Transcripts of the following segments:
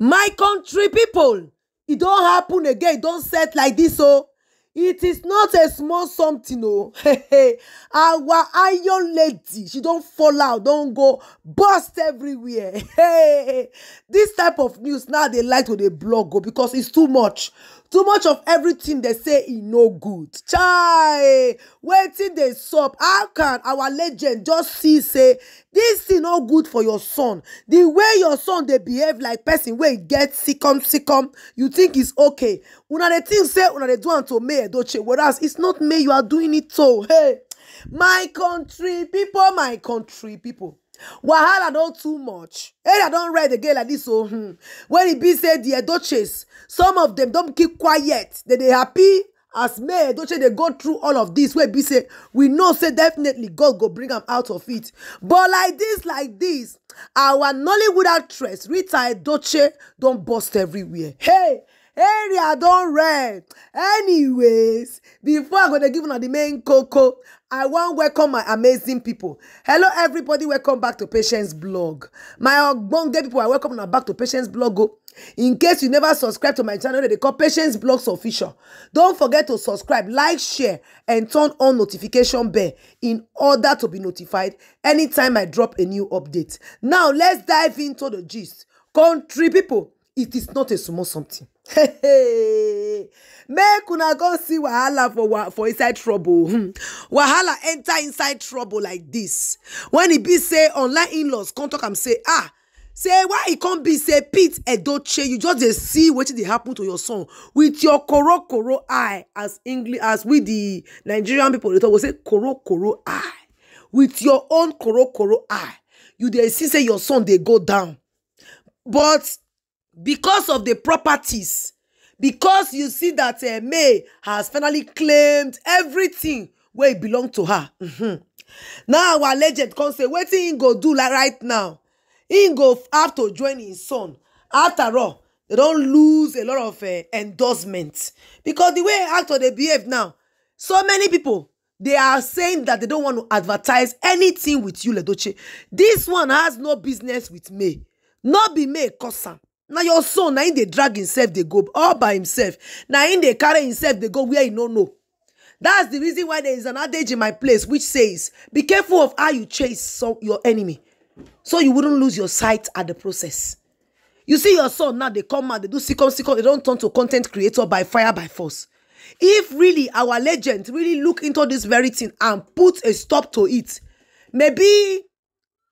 my country people, it don't happen again e don set like this, o oh. it is not a small something oh! our iron lady she don't fall out don't go bust everywhere hey this type of news now they like to dey blog o oh, because its too much too much of everything dey say e no good chai wetin dey sup how can our legend just see say dis thing no good for your son The way your son dey behave like person wey e get sicom sicom you think it's okay una dey think say una dey do am to may edoche whereas its not may you are doing it to hey my country pipo my country pipo wahala no too much area don't read again like dis o oh, hmm. when e be said the edoches some of them don't keep quiet They they happy as may edoche They go through all of this. Where be say we know say definitely god go bring them out of it but like this, like this, our nollywood actress rita edoche Don't burst everywhere hey area don red anyways before i go dey give una the main koko i wan welcome my amazing people. hello everybody welcome back to patience blog my ogbonge people i welcome una back to patience blog o oh. in case you never subscribe to my channel dem dey call patience blogs official don forget to subscribe like share and turn on notification bell in order to be notified anytime i drop a new update now let's dive into the gist country people it is not a small something make una go see wahala for for inside trouble hmm. wahala enter inside trouble like this when e be say online in-laws come talk am say ah say why e come be say pete edoche you just dey see wetin dey happen to your son with your korokoro koro eye as english as we the nigerian people dey talk we say korokoro koro eye with your own korokoro koro eye you dey see say your son dey go down but because of the properties because you see that uh, May has finally claimed everything wey belong to her mm-hmm. now our legend come say wetin he go do like right now he go have to join him son after all they don lose a lot of uh, endorsement because the way actor dey behave now so many people they are saying that they don't want to advertise anything with you ledoche this one has no business with May no be May cause am na your son na him dey drag himself dey go all by himself na him dey carry himself dey go where he no know that's the reason why there is an adage in my place which says be careful of how you chase some, your enemy so you wouldn't lose your sight at the process you see your son now they come out they do second second they don't turn to content creator by fire by force if really our legend really look into this very thing and put a stop to it maybe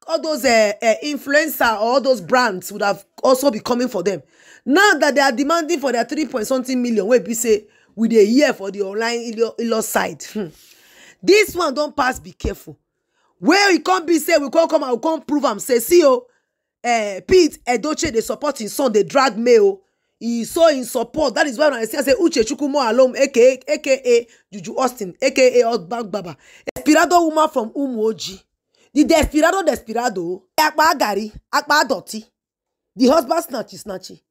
all those uh, uh, influencer or all those brands would have also be coming for them now that they are demanding for their three point something million where we say we dey year for the online ilo side hmm. this one don't pass be careful Where e can't be said, we can't come and we can't prove them. say see o uh, pete edoche dey support him son they drag me o he saw in support that is why una dey say, am say uche chukwumo alom aka aka juju austin aka Old Bank baba a spiritual woman from umuoji the desperado desperado apá gàrí apá dọ̀tí the husband snatchy snatchy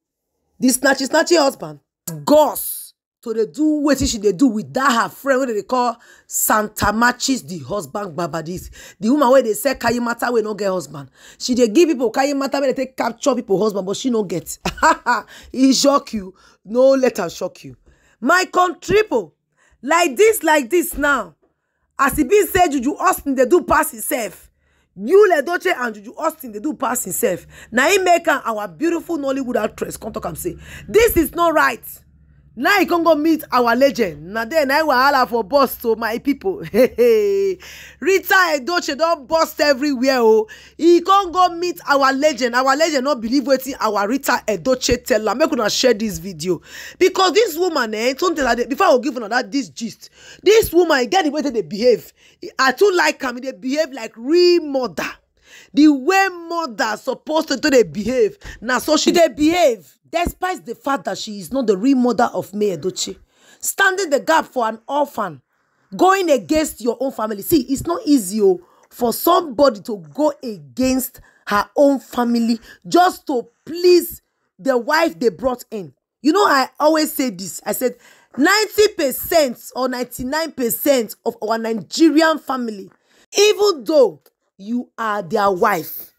the snatchy snatchy husband gods to dey do wetin she dey do with that her friend wey dem dey call santa machis the husband babadis. the woman wey dey sell mata wey no get husband she dey give people kayimata wey dey take capture people husband but she no get e shock you no let am shock you my country people like this like this now as e be say juju austin dey do pass himself yule doche and juju austin dey do pass himself na im make am our beautiful nollywood actress come talk am say this is not right now e can go meet our legend na there na wahala for bus to my people. rita edoche don bust everywhere o oh. he can go meet our legend our legend no believe wetin our rita edoche tell am make una share this video because this woman eh something like that before i go give una that dis gist This woman get the way they dey behave i too like am e dey behave like real mother the way mother supposed to do dey behave Now, so she they behave despite the fact that she is not the real mother of May Edochie standing the gap for an orphan going against your own family see it's not easy o oh, for somebody to go against her own family just to please the wife they brought in you know i always say this i said 90% or 99% of our Nigerian family even though you are their wife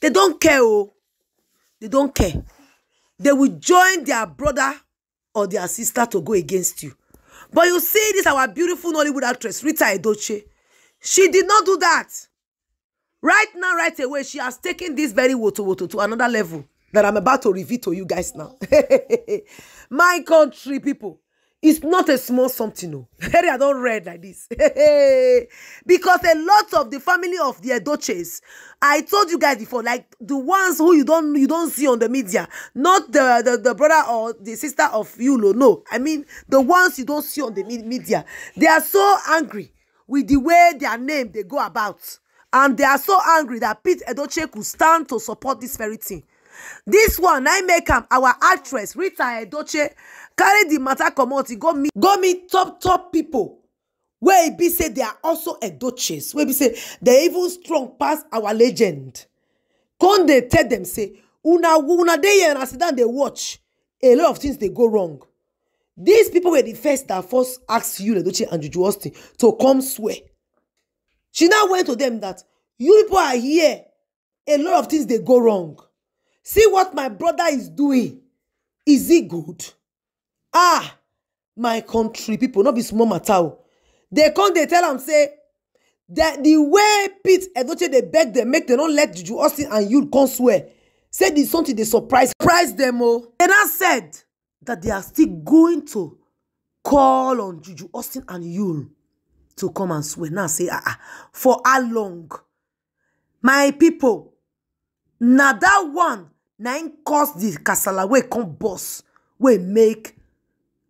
they don't care oh they don't care they will join their brother or their sister to go against you but you see this our beautiful Nollywood actress Rita Edochie she did not do that right now right away she has taken this very woto woto to another level that I'm about to reveal to you guys now my country people It's not a small something. Oh. I don't read like this. because a lot of the family of the Edoches, I told you guys before, like the ones who you don't you don't see on the media, not the, the, the brother or the sister of Yulo. No, I mean the ones you don't see on the media. They are so angry with the way their name they go about. And they are so angry that Pete Edoche could stand to support this very thing dis one na make am our actress rita edoche carry di matter. comot go meet go meet top top pipo wey e be say are also edoches wey e be say dey even strong pass our legend con dey tell dem say una una dey here and e sit dey watch a lot of things dey go wrong dis pipo were di first that first ask you edoche and juju austin to come swear she now went to dem that you pipo are here a lot of things dey go wrong See what my brother is doing. Is it good? Ah, my country people, not be small matter. They come, they tell him say, that the way Pete Edoche they beg them, make them not let Juju Austin and you come swear. Say this something they surprise, surprise them all. And I said that they are still going to call on Juju Austin and Yul to come and swear. Now say, ah, ah, for how long? My people, now that one na im cause di kasala wey come burst wey make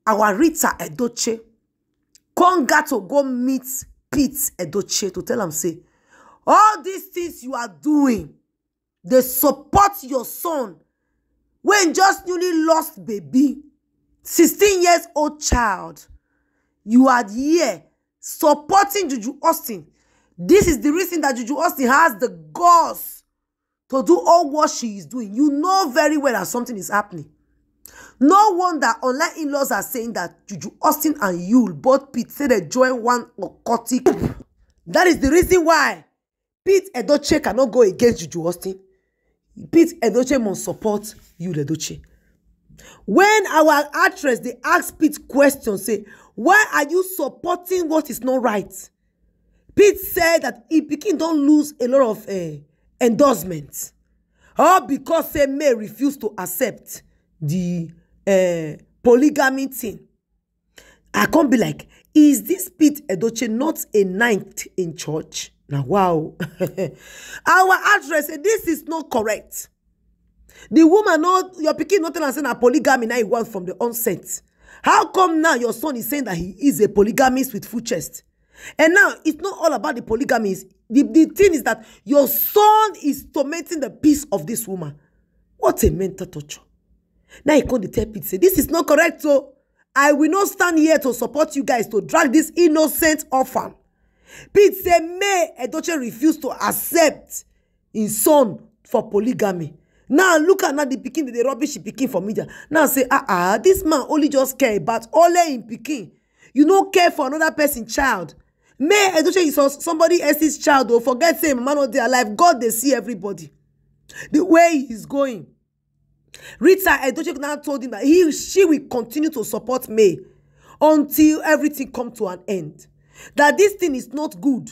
our rita edoche come to go meet pete edoche to tell am say all these things you are doing dey support your son wey just newly lost baby sixteen years old child you are here supporting juju austin this is the reason that juju austin has the guts to do all what she is doing, you know very well that something is happening. No wonder online in-laws are saying that Juju Austin and Yule both Pete say they join one occultic. That is the reason why Pete Edochie cannot go against Juju Austin. Pete Edochie must support Yule Edochie. When our actress, they ask Pete questions, say, why are you supporting what is not right? Pete said that he begin don lose a lot of uh, endorsement all because say may refuse to accept the uh, polygamy thing i come be like is this pete edoche not a ninth in church na wow our address say eh, this is not correct the woman no your pikin no tell am say na polygamy na he want from the onset how come now your son is saying that he is a polygamist with full chest And now it's not all about the polygamy. The, the thing is that your son is tormenting the peace of this woman. What a mental torture. Now he called the tell say, this is not correct, so oh. I will not stand here to support you guys to drag this innocent orphan. Pete say, May Edoche refuse to accept his son for polygamy. Now look at now the Pekin, the rubbish Pekin for media. Now say, ah, ah, this man only just care about only in Pekin. You no care for another person child may edoche is somebody else's child or oh, forget say man no dey alive god dey see everybody the way he is going rita edoche now told him that he she will continue to support may until everything come to an end that this thing is not good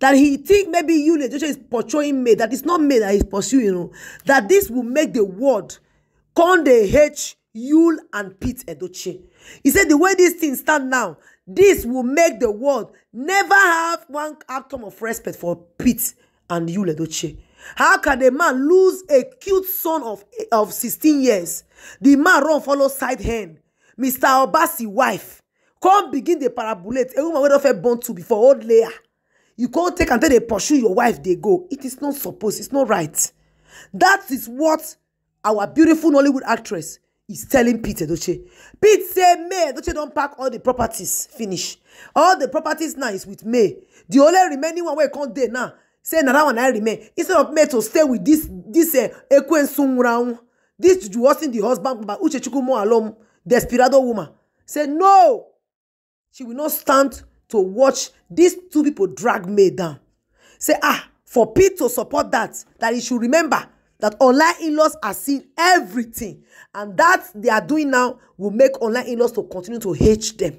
that he think maybe you edoche is pursuing may that it's not may that is pursuing you know, that this will make the world come dey hate Yul and Pete Edoche. He said the way this thing stand now, This will make the world never have one atom of respect for Pete and Yul Edochie. How can a man lose a cute son of, of 16 years? The man run follow side hand, Mr. Obasi wife. Come begin the parabolate. A woman wey don first born to before old layer. You can't take until they pursue your wife, they go. It is not supposed, it's not right. That is what our beautiful Nollywood actress is telling Pete Edoche. Pete say May Edoche don pack all the properties finish. All the properties now is with May. The only remaining one wey come dey now say na that one I remain. Instead of May to stay with this this uh, eh, Ekwensun Raun, this Juwasin the husband by Uchechukwu Moalom, desperado woman, say no. She will not stand to watch these two people drag May down. Say ah, for Pete to support that, that he should remember that online in-laws are seeing everything and that they are doing now will make online in-laws to continue to hate them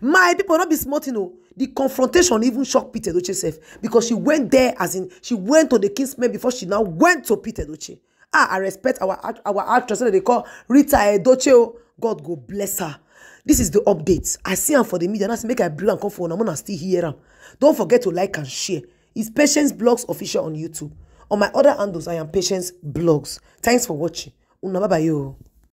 my people not be small thing o oh. the confrontation even shocked peter edoche sef because she went there as in she went to the king's men before she now went to peter edoche ah i respect our our actress that they call rita edoche oh. god go bless her this is the update i see her for the media and make her bring am come for I'm gonna still hear her. Don't forget to like and share it's patience blogs official on youtube On my other handles, I am Patience Blogs. Thanks for watching. Una bye bye yo.